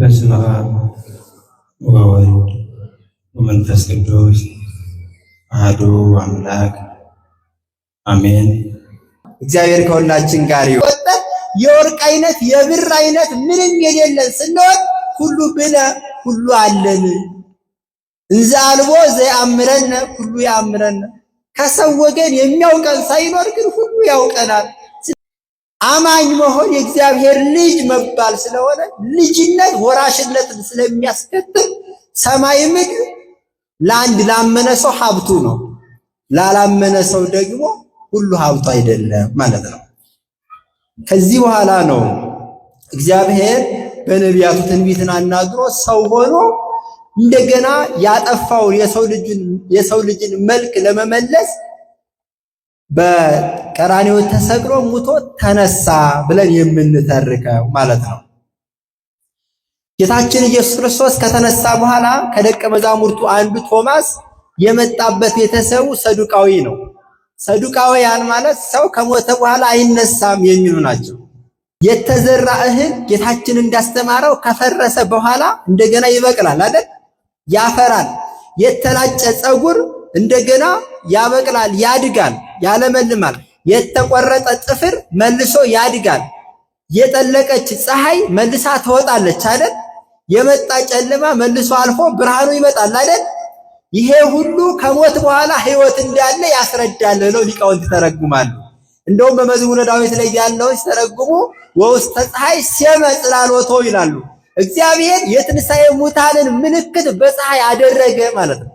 በስመ አብ ወወልድ ወመንፈስ ቅዱስ አሐዱ አምላክ አሜን። እግዚአብሔር ከሁላችን ጋር ይወጣ። የወርቅ አይነት የብር አይነት ምንም የሌለን ስንሆን ሁሉ ብለ ሁሉ አለን እንዘ አልቦ ዘያአምረነ ሁሉ ያአምረነ ከሰው ወገን የሚያውቀን ሳይኖር ግን ሁሉ ያውቀናል። አማኝ መሆን የእግዚአብሔር ልጅ መባል ስለሆነ ልጅነት ወራሽነትን ስለሚያስከትል ሰማይ ምድር ለአንድ ላመነ ሰው ሀብቱ ነው፣ ላላመነ ሰው ደግሞ ሁሉ ሀብቱ አይደለም ማለት ነው። ከዚህ በኋላ ነው እግዚአብሔር በነቢያቱ ትንቢትን አናግሮ ሰው ሆኖ እንደገና ያጠፋውን የሰው ልጅን መልክ ለመመለስ በቀራኔው ተሰቅሎ ሙቶ ተነሳ ብለን የምንተርከው ማለት ነው። ጌታችን ኢየሱስ ክርስቶስ ከተነሳ በኋላ ከደቀ መዛሙርቱ አንዱ ቶማስ የመጣበት ቤተሰቡ ሰዱቃዊ ነው። ሰዱቃውያን ማለት ሰው ከሞተ በኋላ አይነሳም የሚሉ ናቸው። የተዘራ እህል ጌታችን እንዳስተማረው ከፈረሰ በኋላ እንደገና ይበቅላል አይደል? ያፈራል። የተላጨ ፀጉር እንደገና ያበቅላል፣ ያድጋል፣ ያለመልማል። የተቆረጠ ጥፍር መልሶ ያድጋል። የጠለቀች ፀሐይ መልሳ ትወጣለች አይደል? የመጣ ጨለማ መልሶ አልፎ ብርሃኑ ይመጣል አይደል? ይሄ ሁሉ ከሞት በኋላ ህይወት እንዳለ ያስረዳል ነው ሊቃውንት ይተረጉማሉ። እንደውም በመዝሙረ ዳዊት ላይ ያለው ሲተረጉሙ ወውስተ ፀሐይ ሴመ ጽላሎቶ ይላሉ። እግዚአብሔር የትንሣኤ ሙታንን ምልክት በፀሐይ አደረገ ማለት ነው።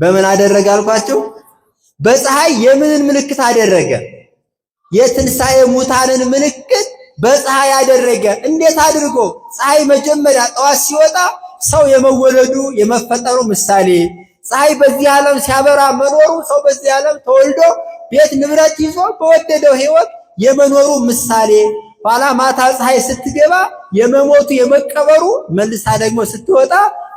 በምን አደረገ አልኳቸው? በፀሐይ የምንን ምልክት አደረገ? የትንሣኤ ሙታንን ምልክት በፀሐይ አደረገ። እንዴት አድርጎ? ፀሐይ መጀመሪያ ጠዋት ሲወጣ ሰው የመወለዱ የመፈጠሩ ምሳሌ፣ ፀሐይ በዚህ ዓለም ሲያበራ መኖሩ ሰው በዚህ ዓለም ተወልዶ ቤት ንብረት ይዞ በወደደው ሕይወት የመኖሩ ምሳሌ፣ ኋላ ማታ ፀሐይ ስትገባ የመሞቱ የመቀበሩ፣ መልሳ ደግሞ ስትወጣ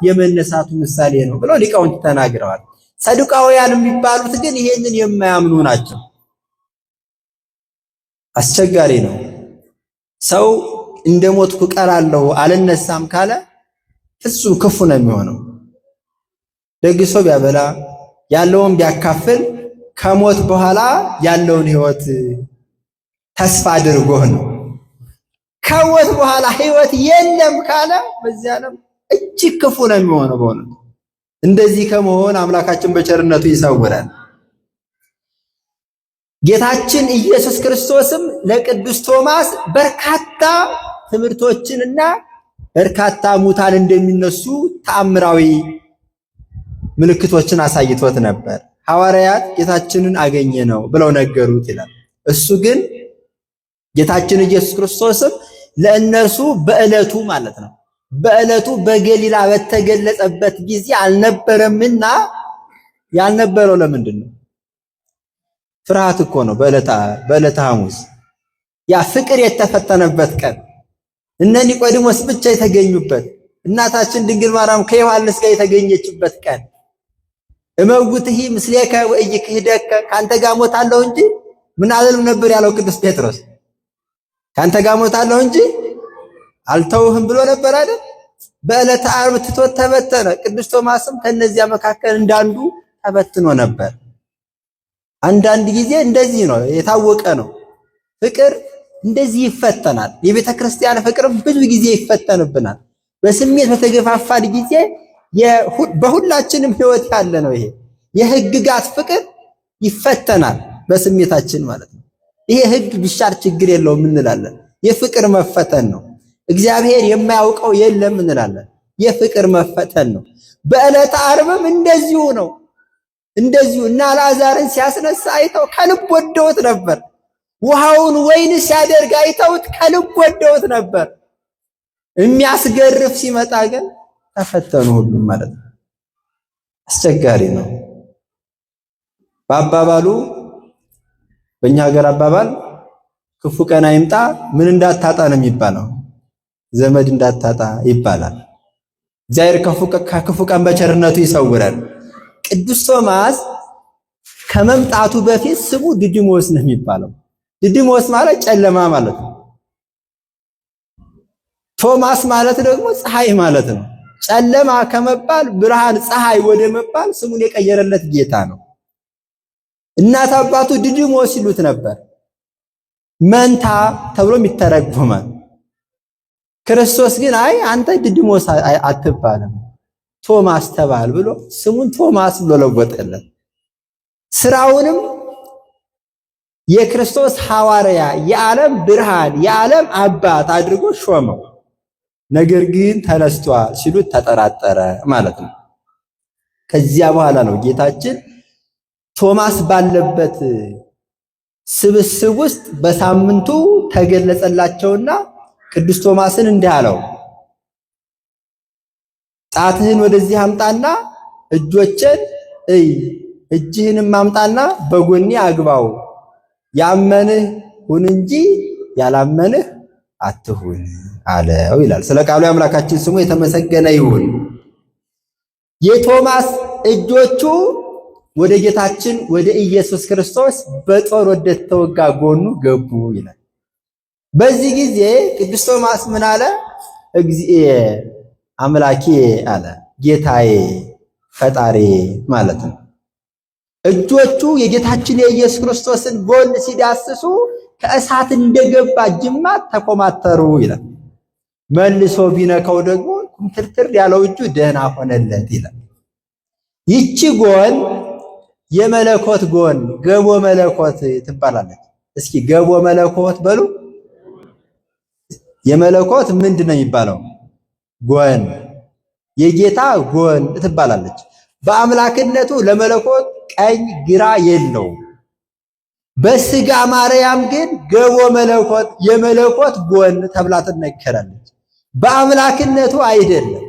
የመነሳቱ ምሳሌ ነው ብለው ሊቃውንት ተናግረዋል። ሰዱቃውያን የሚባሉት ግን ይሄንን የማያምኑ ናቸው። አስቸጋሪ ነው። ሰው እንደ ሞትኩ ቀራለሁ አልነሳም ካለ ፍጹም ክፉ ነው የሚሆነው። ደግሶ ቢያበላ ያለውን ቢያካፍል ከሞት በኋላ ያለውን ህይወት ተስፋ አድርጎ ነው። ከሞት በኋላ ህይወት የለም ካለ በዚህ ዓለም እጅግ ክፉ ነው የሚሆነው በእውነት እንደዚህ ከመሆን አምላካችን በቸርነቱ ይሰውረን። ጌታችን ኢየሱስ ክርስቶስም ለቅዱስ ቶማስ በርካታ ትምህርቶችንና በርካታ ሙታን እንደሚነሱ ተአምራዊ ምልክቶችን አሳይቶት ነበር። ሐዋርያት ጌታችንን አገኘ ነው ብለው ነገሩት ይላል። እሱ ግን ጌታችን ኢየሱስ ክርስቶስም ለእነርሱ በዕለቱ ማለት ነው በዕለቱ በገሊላ በተገለጸበት ጊዜ አልነበረምና ያልነበረው ለምንድን ነው? ፍርሃት እኮ ነው። በዕለተ ሐሙስ ያ ፍቅር የተፈተነበት ቀን እነ ኒቆዲሞስ ብቻ የተገኙበት እናታችን ድንግል ማርያም ከዮሐንስ ጋር የተገኘችበት ቀን እመውትሂ ምስሌከ ወኢይክህደከ ካንተ ጋር ሞታለሁ እንጂ ምን አልልም ነበር ያለው ቅዱስ ጴጥሮስ ካንተ ጋር ሞታለሁ እንጂ አልተውህም ብሎ ነበር አይደል? በዕለተ ዓርብ ትቶት ተበተነ። ቅዱስ ቶማስም ከነዚያ መካከል እንዳንዱ ተበትኖ ነበር። አንዳንድ ጊዜ እንደዚህ ነው፣ የታወቀ ነው። ፍቅር እንደዚህ ይፈተናል። የቤተ ክርስቲያን ፍቅርም ብዙ ጊዜ ይፈተንብናል። በስሜት በተገፋፋን ጊዜ በሁላችንም ህይወት ያለ ነው ይሄ የህግጋት ፍቅር ይፈተናል በስሜታችን ማለት ነው። ይሄ ህግ ቢሻር ችግር የለውም እንላለን። የፍቅር መፈተን ነው። እግዚአብሔር የማያውቀው የለም እንላለን። የፍቅር መፈተን ነው። በዕለተ ዓርብም እንደዚሁ ነው። እንደዚሁ እና አልዓዛርን ሲያስነሳ አይተው ከልብ ወደውት ነበር። ውሃውን ወይን ሲያደርግ አይተውት ከልብ ወደውት ነበር። የሚያስገርፍ ሲመጣ ግን ተፈተኑ ሁሉም ማለት ነው። አስቸጋሪ ነው። በአባባሉ በእኛ ሀገር አባባል ክፉ ቀን አይምጣ ምን እንዳታጣ ነው የሚባለው። ዘመድ እንዳታጣ ይባላል። እግዚአብሔር ከክፉ ቀን በቸርነቱ ይሰውረን። ቅዱስ ቶማስ ከመምጣቱ በፊት ስሙ ድድሞስ ነው የሚባለው። ድድሞስ ማለት ጨለማ ማለት ነው። ቶማስ ማለት ደግሞ ፀሐይ ማለት ነው። ጨለማ ከመባል ብርሃን ፀሐይ ወደ መባል ስሙን የቀየረለት ጌታ ነው። እናት አባቱ ድድሞስ ይሉት ነበር። መንታ ተብሎም ይተረጎማል። ክርስቶስ ግን አይ አንተ ድድሞስ አትባልም ቶማስ ተባል ብሎ ስሙን ቶማስ ብሎ ለወጠለት። ስራውንም የክርስቶስ ሐዋርያ የዓለም ብርሃን የዓለም አባት አድርጎ ሾመው። ነገር ግን ተነስቷል ሲሉት ተጠራጠረ ማለት ነው። ከዚያ በኋላ ነው ጌታችን ቶማስ ባለበት ስብስብ ውስጥ በሳምንቱ ተገለጸላቸውና ቅዱስ ቶማስን እንዲህ አለው፣ ጣትህን ወደዚህ አምጣና እጆችን እይ፣ እጅህንም አምጣና በጎኔ አግባው። ያመንህ ሁን እንጂ ያላመንህ አትሁን አለው ይላል። ስለ ቃሉ የአምላካችን ስሙ የተመሰገነ ይሁን። የቶማስ እጆቹ ወደ ጌታችን ወደ ኢየሱስ ክርስቶስ በጦር ወደ ተወጋ ጎኑ ገቡ ይላል። በዚህ ጊዜ ቅዱስ ቶማስ ምን አለ? እግዚኤ አምላኬ አለ። ጌታዬ ፈጣሪ ማለት ነው። እጆቹ የጌታችን የኢየሱስ ክርስቶስን ጎን ሲዳስሱ ከእሳት እንደገባ ጅማት ተኮማተሩ ይላል። መልሶ ቢነካው ደግሞ ኩምትርትር ያለው እጁ ደህና ሆነለት ይላል። ይቺ ጎን የመለኮት ጎን ገቦ መለኮት ትባላለች። እስኪ ገቦ መለኮት በሉ የመለኮት ምንድን ነው የሚባለው? ጎን የጌታ ጎን ትባላለች። በአምላክነቱ ለመለኮት ቀኝ ግራ የለውም። በስጋ ማርያም ግን ገቦ መለኮት የመለኮት ጎን ተብላ ትነገራለች። በአምላክነቱ አይደለም።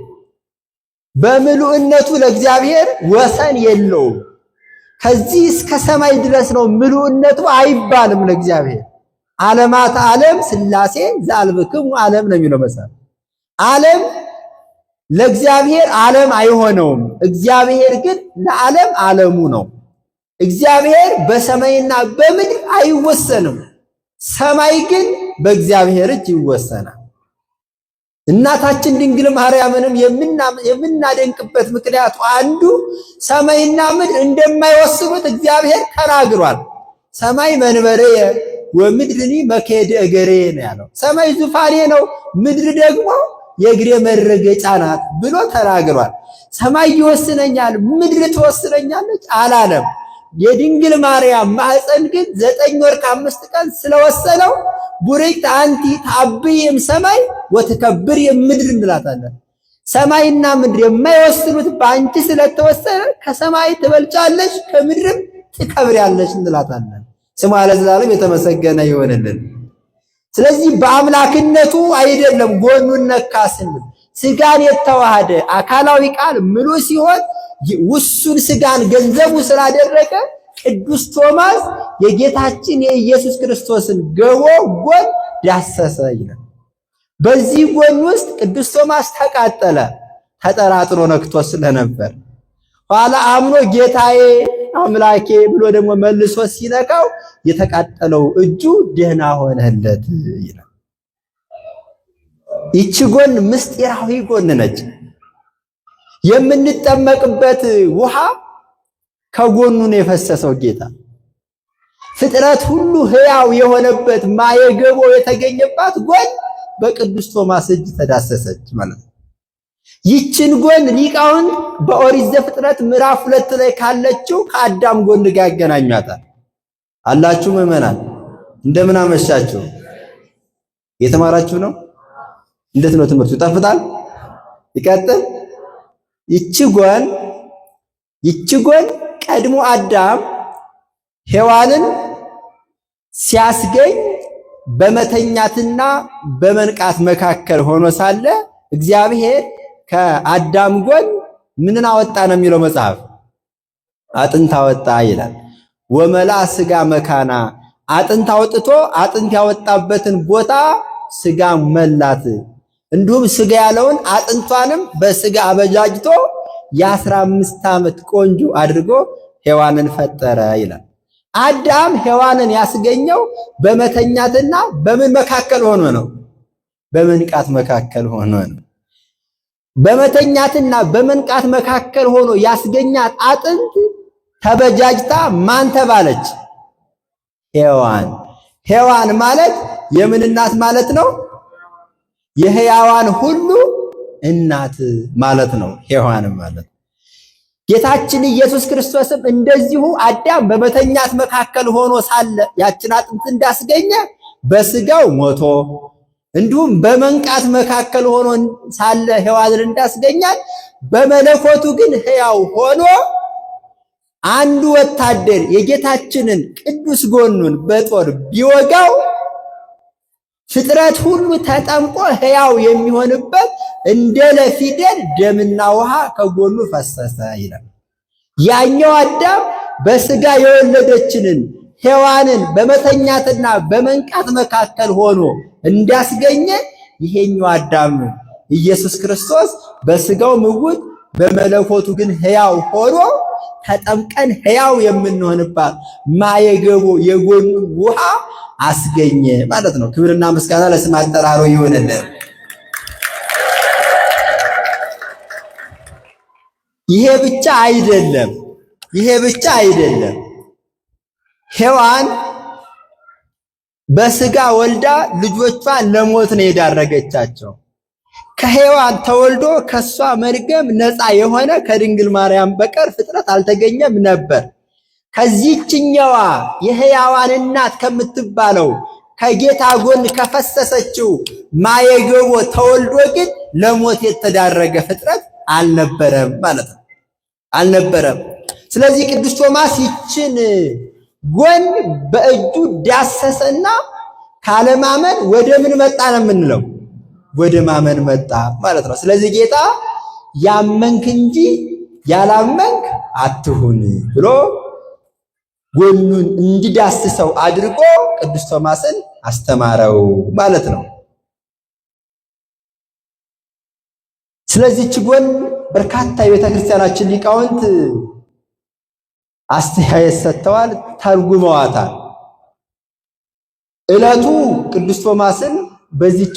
በምሉዕነቱ ለእግዚአብሔር ወሰን የለውም። ከዚህ እስከ ሰማይ ድረስ ነው ምሉዕነቱ አይባልም ለእግዚአብሔር አለማት ዓለም ስላሴ ዘአልብክሙ ዓለም ነው የሚለው መጽሐፍ። ዓለም ለእግዚአብሔር ዓለም አይሆነውም። እግዚአብሔር ግን ለዓለም ዓለሙ ነው። እግዚአብሔር በሰማይና በምድር አይወሰንም። ሰማይ ግን በእግዚአብሔር እጅ ይወሰናል። እናታችን ድንግል ማርያምንም የምናደንቅበት ምክንያቱ አንዱ ሰማይና ምድር እንደማይወስኑት እግዚአብሔር ተናግሯል። ሰማይ መንበሬ ወምድርኒ መከሄድ እገሬ ነው ያለው። ሰማይ ዙፋኔ ነው፣ ምድር ደግሞ የእግሬ መረገጫ ናት ብሎ ተናግሯል። ሰማይ ይወስነኛል፣ ምድር ትወስነኛለች አላለም። የድንግል ማርያም ማህፀን ግን ዘጠኝ ወር ከአምስት ቀን ስለወሰነው ቡሬት አንቲ ታብይም ሰማይ ወትከብር የምድር እንላታለን። ሰማይና ምድር የማይወስኑት በአንቺ ስለተወሰነ ከሰማይ ትበልጫለች፣ ከምድርም ትከብሪያለች እንላታለን። ስሙ ለዘላለም የተመሰገነ ይሆንልን። ስለዚህ በአምላክነቱ አይደለም ጎኑን ነካ ስንል ስጋን የተዋሃደ አካላዊ ቃል ምሉ ሲሆን ውሱን ስጋን ገንዘቡ ስላደረገ ቅዱስ ቶማስ የጌታችን የኢየሱስ ክርስቶስን ገቦ ጎን ዳሰሰ ይላል። በዚህ ጎን ውስጥ ቅዱስ ቶማስ ተቃጠለ። ተጠራጥሮ ነክቶ ስለነበር ኋላ አምኖ ጌታዬ አምላኬ ብሎ ደግሞ መልሶ ሲነካው የተቃጠለው እጁ ደህና ሆነለት ይላል። ይቺ ጎን ምስጢራዊ ጎን ነች። የምንጠመቅበት ውሃ ከጎኑ ነው የፈሰሰው ጌታ ፍጥረት ሁሉ ሕያው የሆነበት ማየገቦ የተገኘባት ጎን በቅዱስ ቶማስ እጅ ተዳሰሰች ማለት ነው። ይችን ጎን ሊቃውን በኦሪት ዘፍጥረት ምዕራፍ ሁለት ላይ ካለችው ከአዳም ጎን ጋር ያገናኟታል። አላችሁ ምዕመናን፣ እንደምን አመሻችሁ? የተማራችሁ ነው? እንዴት ነው ትምህርቱ? ይጣፍጣል? ይቀጥል። ይቺ ጎን ይቺ ጎን ቀድሞ አዳም ሔዋንን ሲያስገኝ በመተኛትና በመንቃት መካከል ሆኖ ሳለ እግዚአብሔር ከአዳም ጎን ምንን አወጣ ነው የሚለው መጽሐፍ አጥንት አወጣ ይላል። ወመላ ስጋ መካና አጥንት አውጥቶ አጥንት ያወጣበትን ቦታ ስጋ መላት። እንዲሁም ስጋ ያለውን አጥንቷንም በስጋ አበጃጅቶ የአስራ አምስት ዓመት ቆንጆ አድርጎ ሔዋንን ፈጠረ ይላል። አዳም ሔዋንን ያስገኘው በመተኛትና በምን መካከል ሆኖ ነው? በመንቃት መካከል ሆኖ ነው። በመተኛትና በመንቃት መካከል ሆኖ ያስገኛት አጥንት ተበጃጅታ ማን ተባለች? ሔዋን። ሔዋን ማለት የምን እናት ማለት ነው? የሕያዋን ሁሉ እናት ማለት ነው። ሔዋን ማለት ጌታችን ኢየሱስ ክርስቶስም እንደዚሁ አዳም በመተኛት መካከል ሆኖ ሳለ ያችን አጥንት እንዳስገኘ በስጋው ሞቶ እንዲሁም በመንቃት መካከል ሆኖ ሳለ ሔዋንን እንዳስገኛል በመለኮቱ ግን ሕያው ሆኖ አንዱ ወታደር የጌታችንን ቅዱስ ጎኑን በጦር ቢወጋው ፍጥረት ሁሉ ተጠምቆ ሕያው የሚሆንበት እንደ ለፊደል ደምና ውሃ ከጎኑ ፈሰሰ ይላል። ያኛው አዳም በስጋ የወለደችንን ሔዋንን በመተኛትና በመንቃት መካከል ሆኖ እንዳስገኘ ይሄኛው አዳም ኢየሱስ ክርስቶስ በስጋው ምውት በመለኮቱ ግን ሕያው ሆኖ ተጠምቀን ሕያው የምንሆንባት ማየገቦ የጎኑ ውሃ አስገኘ ማለት ነው። ክብርና ምስጋና ለስም አጠራሮ ይሆንልን። ይሄ ብቻ አይደለም። ይሄ ብቻ አይደለም። ሔዋን በስጋ ወልዳ ልጆቿን ለሞት ነው የዳረገቻቸው። ከሔዋን ተወልዶ ከሷ መርገም ነፃ የሆነ ከድንግል ማርያም በቀር ፍጥረት አልተገኘም ነበር። ከዚችኛዋ የሕያዋን እናት ከምትባለው ከጌታ ጎን ከፈሰሰችው ማየገቦ ተወልዶ ግን ለሞት የተዳረገ ፍጥረት አልነበረም ማለት ነው፣ አልነበረም። ስለዚህ ቅዱስ ቶማስ ይችን ጎን በእጁ ዳሰሰና ካለማመን ወደ ምን መጣ ነው የምንለው? ወደ ማመን መጣ ማለት ነው። ስለዚህ ጌታ ያመንክ እንጂ ያላመንክ አትሁን ብሎ ጎኑን እንዲዳስሰው አድርጎ ቅዱስ ቶማስን አስተማረው ማለት ነው። ስለዚህች ጎን በርካታ የቤተክርስቲያናችን ሊቃውንት አስተያየት ሰጥተዋል፣ ተርጉመዋታል። ዕለቱ ቅዱስ ቶማስን በዚች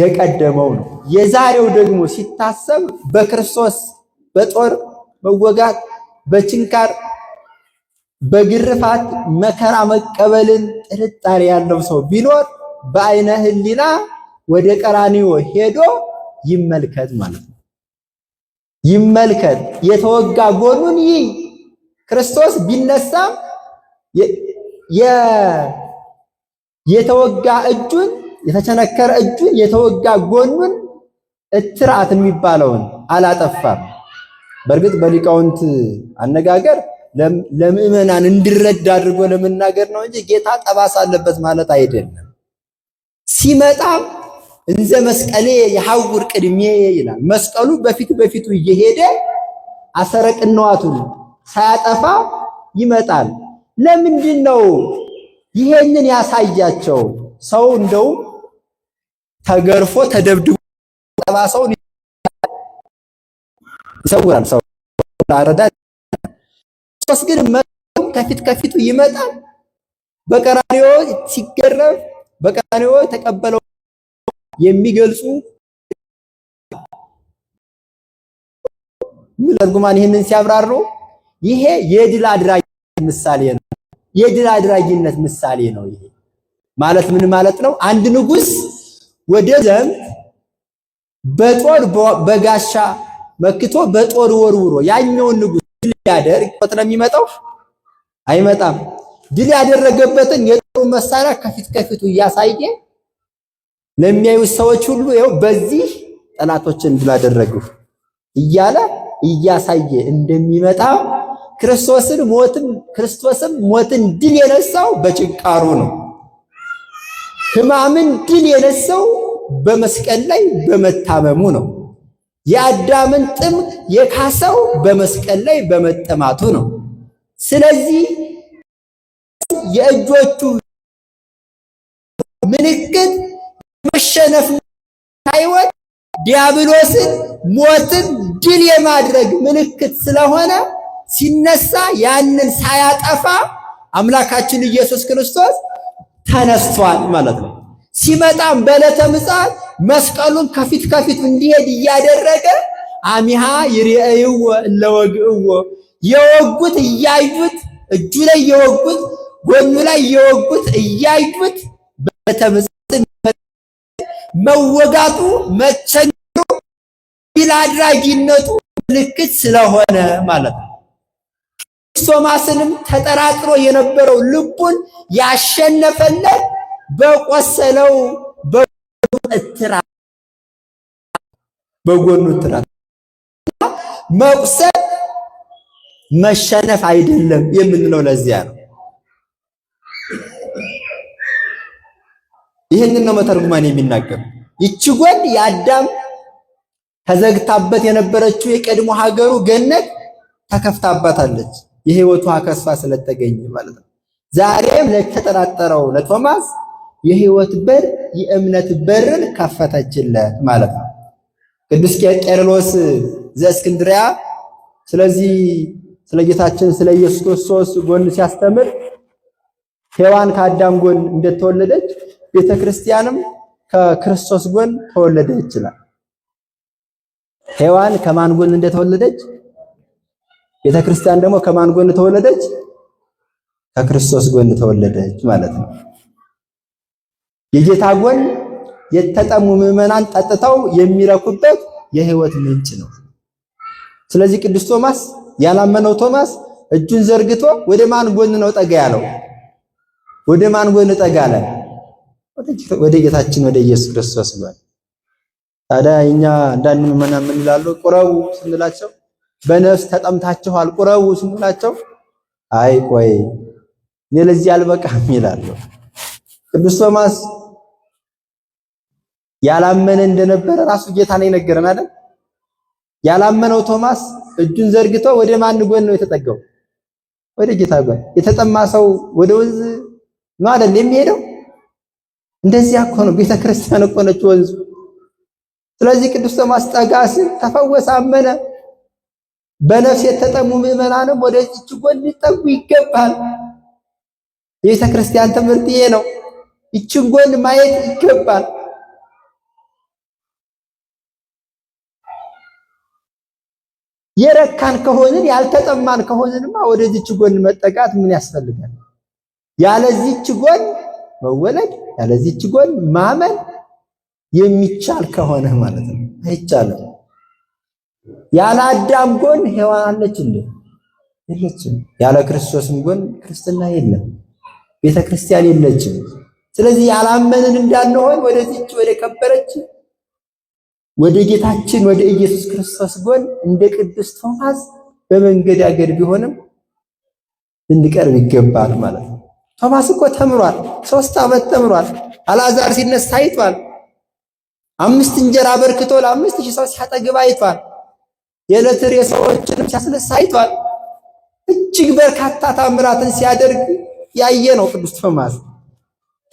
የቀደመው ነው። የዛሬው ደግሞ ሲታሰብ በክርስቶስ በጦር መወጋት፣ በችንካር በግርፋት መከራ መቀበልን ጥርጣሬ ያለው ሰው ቢኖር በአይነ ህሊና ወደ ቀራኒዎ ሄዶ ይመልከት ማለት ነው። ይመልከት፣ የተወጋ ጎኑን ይይ። ክርስቶስ ቢነሳም የተወጋ እጁን፣ የተቸነከረ እጁን፣ የተወጋ ጎኑን እትራት የሚባለውን አላጠፋም። በእርግጥ በሊቃውንት አነጋገር ለምእመናን እንዲረዳ አድርጎ ለመናገር ነው እንጂ ጌታ ጠባሳ አለበት ማለት አይደለም። ሲመጣም እንዘ መስቀሌ የሐውር ቅድሜ ይላል። መስቀሉ በፊት በፊቱ እየሄደ አሰረቅነዋቱን ሳያጠፋ ይመጣል። ለምንድን ነው ይሄንን ያሳያቸው? ሰው እንደውም ተገርፎ ተደብድቦ ጠባሳውን ይሰውራል። ሰው አረዳ ሶስ ግን ከፊት ከፊቱ ይመጣል። በቀራንዮ ሲገረፍ በቀራንዮ ተቀበለው የሚገልጹ ምለርጉማን ይህንን ሲያብራሩ ይሄ የድል አድራጊነት ምሳሌ ነው። የድል አድራጊነት ምሳሌ ነው። ይሄ ማለት ምን ማለት ነው? አንድ ንጉስ ወደ ዘንድ በጦር በጋሻ መክቶ በጦር ወርውሮ ያኛውን ንጉስ ድል ያደርግ ነው የሚመጣው? አይመጣም። ድል ያደረገበትን የጦሩ መሳሪያ ከፊት ከፊቱ እያሳየ ለሚያዩት ሰዎች ሁሉ ይኸው በዚህ ጠላቶችን ድል አደረግሁ እያለ እያሳየ እንደሚመጣ ክርስቶስን ሞትን ክርስቶስም ሞትን ድል የነሳው በጭንቃሩ ነው። ሕማምን ድል የነሳው በመስቀል ላይ በመታመሙ ነው። የአዳምን ጥም የካሰው በመስቀል ላይ በመጠማቱ ነው። ስለዚህ የእጆቹ ምልክት የማሸነፍ ህይወት ዲያብሎስን ሞትን ድል የማድረግ ምልክት ስለሆነ ሲነሳ ያንን ሳያጠፋ አምላካችን ኢየሱስ ክርስቶስ ተነስቷል ማለት ነው። ሲመጣም በዕለተ ምጽአት መስቀሉን ከፊት ከፊት እንዲሄድ እያደረገ አሚሃ ይርአይዎ እለወግእዎ የወጉት እያዩት እጁ ላይ የወጉት ጎኑ ላይ የወጉት እያዩት በዕለተ ምጽአት መወጋቱ መቸኘሩ ድል አድራጊነቱ ምልክት ስለሆነ ማለት ነው። ቶማስንም ተጠራጥሮ የነበረው ልቡን ያሸነፈለት በቆሰለው በጎኑ እትራት መቁሰል መሸነፍ አይደለም የምንለው ለዚያ ነው። ይህንን ነው መተርጉማን የሚናገሩ። ይቺ ጎን የአዳም ተዘግታበት የነበረችው የቀድሞ ሀገሩ ገነት ተከፍታባታለች። የህይወቱ አከስፋ ስለተገኘ ማለት ነው። ዛሬም ለተጠራጠረው ለቶማስ የህይወት በር የእምነት በርን ከፈተችለት ማለት ነው። ቅዱስ ቄርሎስ ዘእስክንድሪያ ስለዚህ ስለ ጌታችን ስለ ኢየሱስ ክርስቶስ ጎን ሲያስተምር ሔዋን ከአዳም ጎን እንደተወለደች ቤተ ክርስቲያንም ከክርስቶስ ጎን ተወለደ ይችላል። ሔዋን ከማን ጎን እንደተወለደች ቤተ ክርስቲያን ደግሞ ከማን ጎን ተወለደች? ከክርስቶስ ጎን ተወለደች ማለት ነው። የጌታ ጎን የተጠሙ ምዕመናን ጠጥተው የሚረኩበት የህይወት ምንጭ ነው። ስለዚህ ቅዱስ ቶማስ ያላመነው ቶማስ እጁን ዘርግቶ ወደ ማን ጎን ነው ጠጋ ያለው? ወደ ማን ጎን ጠጋ አለ? ወደ ጌታችን ወደ ኢየሱስ ክርስቶስ ነው። ታዲያ እኛ አንዳንድ ምዕመናን ምን ይላሉ? ቁረቡ ስንላቸው በነፍስ ተጠምታችኋል፣ ቁረቡ ስንላቸው አይ ቆይ እኔ ለዚህ አልበቃም ይላሉ። ቅዱስ ቶማስ ያላመነ እንደነበረ ራሱ ጌታ ነው የነገረን አይደል? ያላመነው ቶማስ እጁን ዘርግቶ ወደ ማን ጎን ነው የተጠጋው? ወደ ጌታ ጎን። የተጠማ ሰው ወደ ወንዝ ነው አይደል የሚሄደው? እንደዚያ እኮ ነው ቤተ ክርስቲያን እኮ ነች ወንዙ። ስለዚህ ቅዱስ ቶማስ ጠጋ ተፈወሰ፣ አመነ። በነፍስ የተጠሙ ምዕመናንም ወደዚች ጎን ሊጠጉ ይገባል። የቤተ ክርስቲያን ትምህርት ይሄ ነው። ይችን ጎን ማየት ይገባል። የረካን ከሆንን ያልተጠማን ከሆንንማ ወደዚች ጎን መጠጋት ምን ያስፈልጋል? ያለዚች ጎን መወለድ ያለዚች ጎን ማመን የሚቻል ከሆነ ማለት ነው። አይቻልም። ያለ አዳም ጎን ሔዋን አለች እንዴ? የለችም። ያለ ክርስቶስም ጎን ክርስትና የለም፣ ቤተ ክርስቲያን የለችም። ስለዚህ ያላመንን እንዳንሆን ወደዚች ወደ ከበረች ወደ ጌታችን ወደ ኢየሱስ ክርስቶስ ጎን እንደ ቅዱስ ቶማስ አገር ቢሆንም ልንቀርብ ይገባል ማለት ነው። ቶማስ እኮ ተምሯል። ሶስት ዓመት ተምሯል። አልዓዛር ሲነሳ አይቷል። አምስት እንጀራ በርክቶ ለአምስት ሺህ ሰው ሲያጠግብ አይቷል። የዕለት ሬሳዎችንም ሲያስነሳ አይቷል። እጅግ በርካታ ታምራትን ሲያደርግ ያየ ነው ቅዱስ ቶማስ።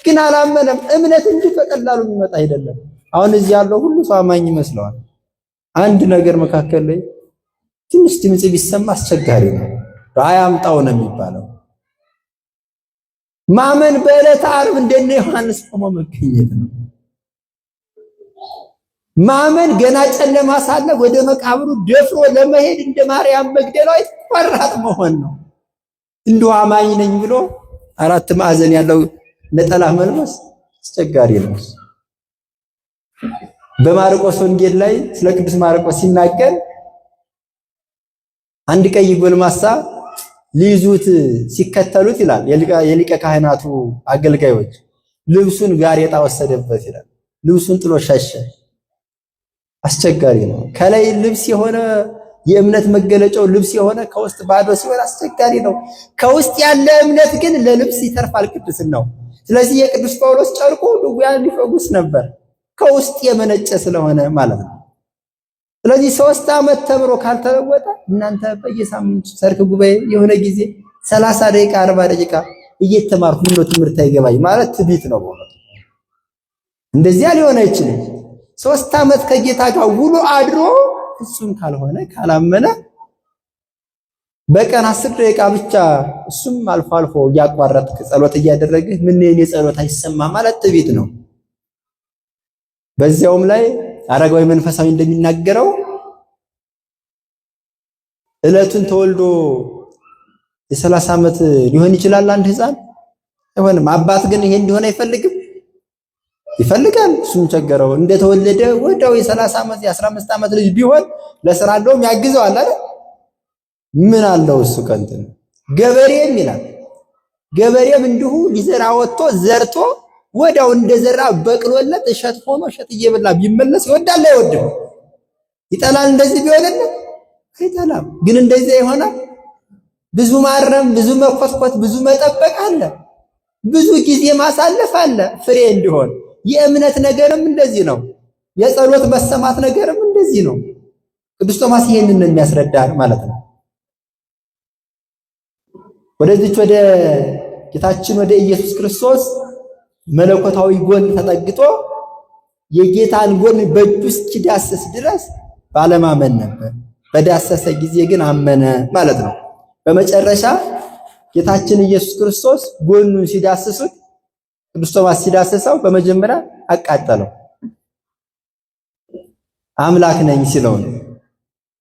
ግን አላመነም። እምነት እንጂ በቀላሉ የሚመጣ አይደለም። አሁን እዚህ ያለው ሁሉ ሰው አማኝ ይመስለዋል። አንድ ነገር መካከል ላይ ትንሽ ድምፅ ቢሰማ አስቸጋሪ ነው። ራእይ አምጣው ነው የሚባለው። ማመን በዕለተ ዓርብ እንደነ ዮሐንስ ቆሞ መገኘት ነው። ማመን ገና ጨለማ ሳለ ወደ መቃብሩ ደፍሮ ለመሄድ እንደ ማርያም መግደላዊት ቆራጥ መሆን ነው። እንዲሁ አማኝ ነኝ ብሎ አራት ማዕዘን ያለው ነጠላ መልበስ አስቸጋሪ ነው። በማርቆስ ወንጌል ላይ ስለ ቅዱስ ማርቆስ ሲናገር አንድ ቀይ ጎልማሳ ሊይዙት ሲከተሉት ይላል የሊቀ ካህናቱ አገልጋዮች ልብሱን ጋሬጣ ወሰደበት ይላል። ልብሱን ጥሎ ሸሸ። አስቸጋሪ ነው። ከላይ ልብስ የሆነ የእምነት መገለጫው ልብስ የሆነ ከውስጥ ባዶ ሲሆን አስቸጋሪ ነው። ከውስጥ ያለ እምነት ግን ለልብስ ይተርፋል ነው። ስለዚህ የቅዱስ ጳውሎስ ጨርቁ ድውያን ሊፈውስ ነበር ከውስጥ የመነጨ ስለሆነ ማለት ነው። ስለዚህ ሶስት አመት ተምሮ ካልተለወጠ እናንተ በየሳምንቱ ሰርክ ጉባኤ የሆነ ጊዜ ሰላሳ ደቂቃ አርባ ደቂቃ እየተማርኩ ምነው ትምህርት አይገባኝ ማለት ትቢት ነው። በእውነት እንደዚያ ሊሆን አይችልም። ሶስት አመት ከጌታ ጋር ውሎ አድሮ ፍጹም ካልሆነ ካላመነ በቀን አስር ደቂቃ ብቻ እሱም አልፎ አልፎ እያቋረጥክ ጸሎት እያደረግህ ምን የኔ ጸሎት አይሰማ ማለት ትቢት ነው። በዚያውም ላይ አረጋዊ መንፈሳዊ እንደሚናገረው እለቱን ተወልዶ የሰላሳ ዓመት ሊሆን ይችላል አንድ ህፃን አይሆንም። አባት ግን ይሄ እንዲሆን አይፈልግም ይፈልጋል እሱም ቸገረው። እንደተወለደ ወዲያው የ30 ዓመት የ15 ዓመት ልጅ ቢሆን ለስራ እንደውም ያግዘዋል አይደል? ምን አለው እሱ ከንትን ገበሬም ይላል ገበሬም እንዲሁ ሊዘራ ወጥቶ ዘርቶ ወዳው እንደዘራ በቅሎለት እሸት ሆኖ እሸት እየበላ ቢመለስ ይወዳል አይወድም? ይጠላል? እንደዚህ ቢሆንለት አይጠላም። ግን እንደዚያ ይሆናል። ብዙ ማረም፣ ብዙ መኮትኮት፣ ብዙ መጠበቅ አለ፣ ብዙ ጊዜ ማሳለፍ አለ ፍሬ እንዲሆን። የእምነት ነገርም እንደዚህ ነው። የጸሎት መሰማት ነገርም እንደዚህ ነው። ቅዱስ ቶማስ ይሄንን ነው የሚያስረዳ ማለት ነው። ወደዚች ወደ ጌታችን ወደ ኢየሱስ ክርስቶስ መለኮታዊ ጎን ተጠግቶ የጌታን ጎን በእጁ እስኪዳሰስ ድረስ ባለማመን ነበር። በዳሰሰ ጊዜ ግን አመነ ማለት ነው። በመጨረሻ ጌታችን ኢየሱስ ክርስቶስ ጎኑን ሲዳስሱት ቅዱስ ቶማስ ሲዳሰሰው በመጀመሪያ አቃጠለው። አምላክ ነኝ ሲለው ነው።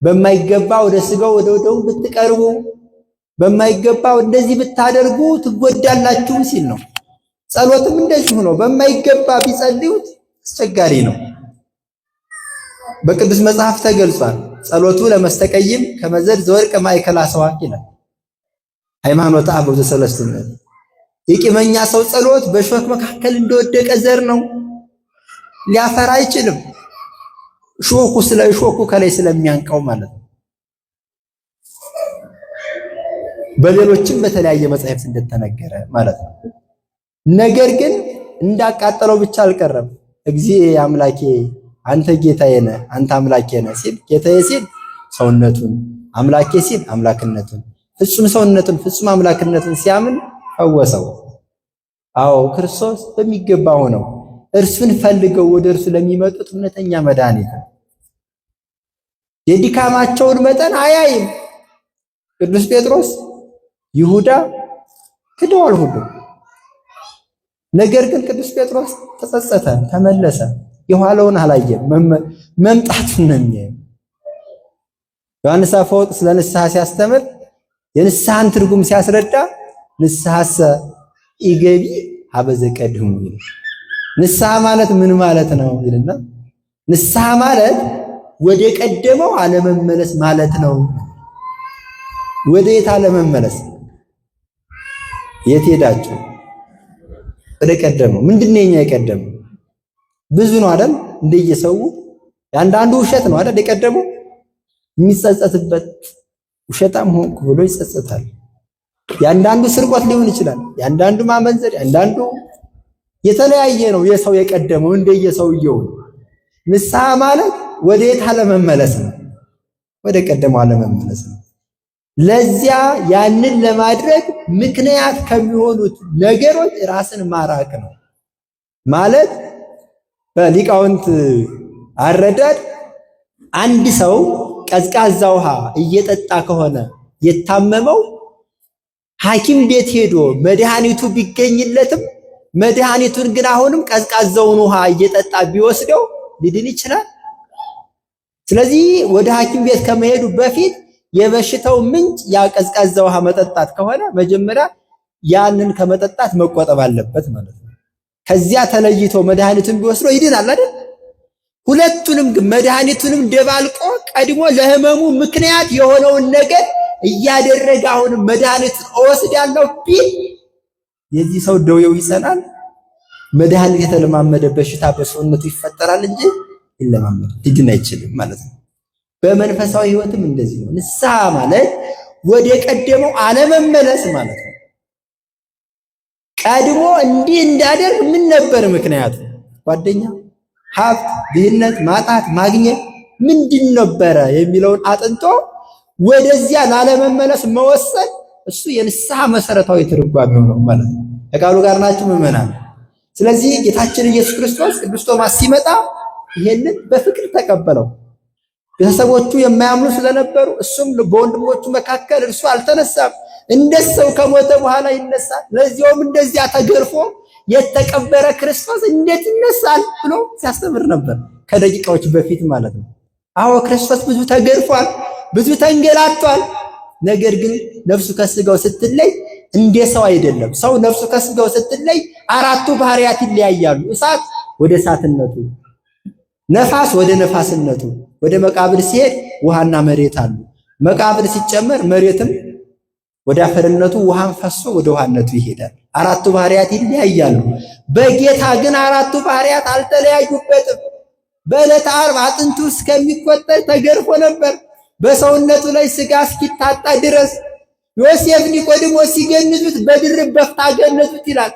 በማይገባ ወደ ስጋው ወደ ደሙ ብትቀርቡ፣ በማይገባ እንደዚህ ብታደርጉ ትጎዳላችሁ ሲል ነው። ጸሎትም እንደዚሁ ነው። በማይገባ ቢጸልዩት አስቸጋሪ ነው። በቅዱስ መጽሐፍ ተገልጿል። ጸሎቱ ለመስተቀይም ከመዘድ ዘወርቅ ማእከላ ሰዋዕ ይላል ሃይማኖት አበው ዘሰለስቱ ምዕት። የቂመኛ ሰው ጸሎት በእሾክ መካከል እንደወደቀ ዘር ነው፣ ሊያፈራ አይችልም። እሾኩ ስለ እሾኩ ከላይ ስለሚያንቀው ማለት ነው። በሌሎችም በተለያየ መጽሐፍት እንደተነገረ ማለት ነው። ነገር ግን እንዳቃጠለው ብቻ አልቀረም። እግዚእ አምላኬ አንተ ጌታዬ ነህ፣ አንተ አምላኬ ነህ ሲል ጌታዬ ሲል ሰውነቱን፣ አምላኬ ሲል አምላክነቱን፣ ፍጹም ሰውነቱን፣ ፍጹም አምላክነቱን ሲያምን ፈወሰው። አዎ ክርስቶስ በሚገባ ሆነው እርሱን ፈልገው ወደ እርሱ ለሚመጡት እውነተኛ መድኃኒት ነው። የድካማቸውን መጠን አያይም። ቅዱስ ጴጥሮስ፣ ይሁዳ ክደዋል ሁሉ ነገር ግን ቅዱስ ጴጥሮስ ተጸጸተ፣ ተመለሰ። የኋላውን አላየም፣ መምጣቱን ነው የሚያየው። ዮሐንስ አፈወርቅ ስለ ንስሐ ሲያስተምር የንስሐን ትርጉም ሲያስረዳ ንስሐሰ ኢገቢ አበዘ ይላል። ንስሐ ማለት ምን ማለት ነው ይልና ንስሐ ማለት ወደ ቀደመው አለመመለስ ማለት ነው። ወደ የት አለመመለስ? የት ሄዳችሁ ወደ ቀደመው ምንድን ነው የኛ የቀደመው? ብዙ ነው አይደል? እንደየሰው የአንዳንዱ ውሸት ነው አይደል? የቀደመው የሚጸጸትበት ውሸታም ሆንኩ ብሎ ይጸጸታል። የአንዳንዱ ስርቆት ሊሆን ይችላል። የአንዳንዱ ማመንዘር፣ የአንዳንዱ የተለያየ ነው። የሰው የቀደመው እንደየሰውየው ንስሐ ማለት ወደ የት አለመመለስ ነው? ወደ ቀደመው አለመመለስ ነው። ለዚያ ያንን ለማድረግ ምክንያት ከሚሆኑት ነገሮች ራስን ማራቅ ነው ማለት። በሊቃውንት አረዳድ አንድ ሰው ቀዝቃዛ ውሃ እየጠጣ ከሆነ የታመመው ሐኪም ቤት ሄዶ መድኃኒቱ ቢገኝለትም መድኃኒቱን ግን አሁንም ቀዝቃዛውን ውሃ እየጠጣ ቢወስደው ሊድን ይችላል። ስለዚህ ወደ ሐኪም ቤት ከመሄዱ በፊት የበሽታው ምንጭ ያ ቀዝቃዛ ውሃ መጠጣት ከሆነ መጀመሪያ ያንን ከመጠጣት መቆጠብ አለበት ማለት ነው። ከዚያ ተለይቶ መድኃኒቱን ቢወስዶ ይድናል አይደል? ሁለቱንም ግን መድኃኒቱንም ደባልቆ ቀድሞ ለህመሙ ምክንያት የሆነውን ነገር እያደረገ አሁንም መድኃኒቱን እወስዳለሁ ቢል የዚህ ሰው ደውየው ይሰናል። መድኃኒት የተለማመደ በሽታ በሰውነቱ ይፈጠራል እንጂ ይለማመድ ሊድን አይችልም ማለት ነው። በመንፈሳዊ ህይወትም እንደዚህ ነው። ንስሐ ማለት ወደ ቀደመው አለመመለስ ማለት ነው። ቀድሞ እንዲህ እንዳደርግ ምን ነበር ምክንያቱ? ጓደኛ፣ ሀብት፣ ድህነት፣ ማጣት፣ ማግኘት ምንድን ነበረ የሚለውን አጥንቶ ወደዚያ ላለመመለስ መወሰን እሱ የንስሐ መሰረታዊ ትርጓሜው ነው ማለት ነው። ከቃሉ ጋር ናችሁ ምዕመናን? ስለዚህ ጌታችን ኢየሱስ ክርስቶስ ቅዱስ ቶማስ ሲመጣ ይሄንን በፍቅር ተቀበለው። ቤተሰቦቹ የማያምኑ ስለነበሩ እሱም በወንድሞቹ መካከል እርሱ አልተነሳም። እንደ ሰው ከሞተ በኋላ ይነሳል። ለዚያውም እንደዚያ ተገርፎ የተቀበረ ክርስቶስ እንዴት ይነሳል ብሎ ሲያስተምር ነበር፣ ከደቂቃዎች በፊት ማለት ነው። አዎ ክርስቶስ ብዙ ተገርፏል፣ ብዙ ተንገላቷል። ነገር ግን ነፍሱ ከስጋው ስትለይ እንደ ሰው አይደለም። ሰው ነፍሱ ከስጋው ስትለይ አራቱ ባህሪያት ይለያያሉ። እሳት ወደ እሳትነቱ ነፋስ ወደ ነፋስነቱ ወደ መቃብር ሲሄድ ውሃና መሬት አሉ። መቃብር ሲጨመር መሬትም ወደ አፈርነቱ ውሃን ፈሶ ወደ ውሃነቱ ይሄዳል። አራቱ ባህሪያት ይለያያሉ። በጌታ ግን አራቱ ባህሪያት አልተለያዩበትም። በዕለተ ዓርብ አጥንቱ እስከሚቆጠር ተገርፎ ነበር በሰውነቱ ላይ ስጋ እስኪታጣ ድረስ። ዮሴፍ ኒቆዲሞስ ሲገንዙት በድርብ በፍታ ገነዙት ይላል።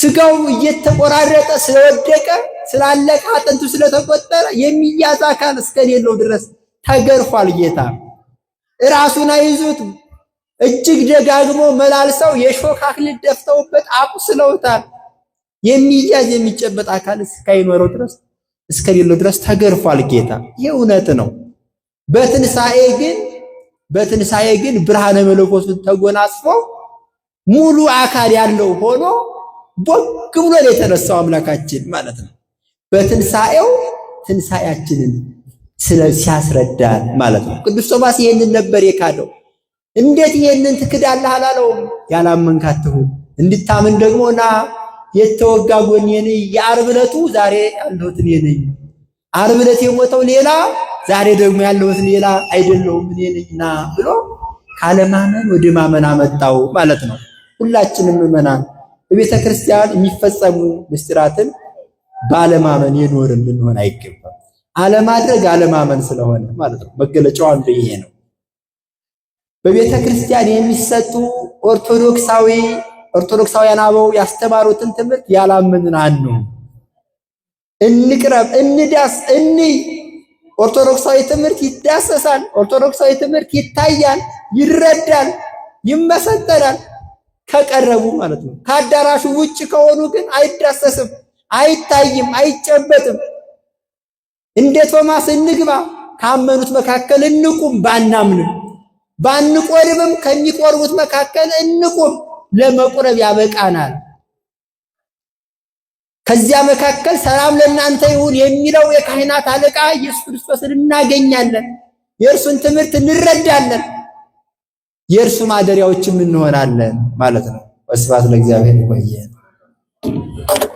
ስጋው እየተቆራረጠ ስለወደቀ ስላለቀ አጥንቱ ስለተቆጠረ የሚያዝ አካል እስከሌለው ድረስ ተገርፏል። ጌታ ራሱን አይዙት እጅግ ደጋግሞ መላልሰው የሾክ አክሊል ደፍተውበት አቁስለውታል። የሚያዝ የሚጨበጥ አካል እስካይኖረው ድረስ እስከሌለው ድረስ ተገርፏል። ጌታ ይህ እውነት ነው። በትንሳኤ ግን በትንሳኤ ግን ብርሃነ መለኮቱን ተጎናጽፎ ሙሉ አካል ያለው ሆኖ ቦግ ብሎ የተነሳው አምላካችን ማለት ነው። በትንሣኤው ትንሣኤያችንን ሲያስረዳ ማለት ነው። ቅዱስ ቶማስ ይህንን ነበር የካደው። እንዴት ይህንን ትክዳለህ አላለውም። ያላመንካትሁ እንድታምን ደግሞ ና፣ የተወጋ ጎን የነኝ የአርብ ዕለቱ ዛሬ ያለሁትን የነኝ አርብ ዕለት የሞተው ሌላ፣ ዛሬ ደግሞ ያለሁትን ሌላ አይደለሁም እኔ ና ብሎ ካለማመን ወደ ማመን አመጣው ማለት ነው። ሁላችንም ምዕመናን በቤተ ክርስቲያን የሚፈጸሙ ምስጢራትን ባለማመን የኖርን ልንሆን አይገባም። አለማድረግ አለማመን ስለሆነ ማለት ነው። መገለጫው አንዱ ይሄ ነው። በቤተ ክርስቲያን የሚሰጡ ኦርቶዶክሳዊ ኦርቶዶክሳውያን አበው ያስተማሩትን ትምህርት ያላመንን አንሁን። እንቅረብ፣ እንዳስ፣ እንይ። ኦርቶዶክሳዊ ትምህርት ይዳሰሳል። ኦርቶዶክሳዊ ትምህርት ይታያል፣ ይረዳል፣ ይመሰጠናል። ከቀረቡ ማለት ነው። ከአዳራሹ ውጭ ከሆኑ ግን አይዳሰስም። አይታይም፣ አይጨበጥም። እንደ ቶማስ እንግባ፣ ካመኑት መካከል እንቁም፣ ባናምንም ባንቆርብም ከሚቆርቡት መካከል እንቁም፣ ለመቁረብ ያበቃናል። ከዚያ መካከል ሰላም ለእናንተ ይሁን የሚለው የካህናት አለቃ ኢየሱስ ክርስቶስን እናገኛለን። የእርሱን ትምህርት እንረዳለን። የእርሱ ማደሪያዎችም እንሆናለን ማለት ነው። ወስብሐት ለእግዚአብሔር። ይቆየን።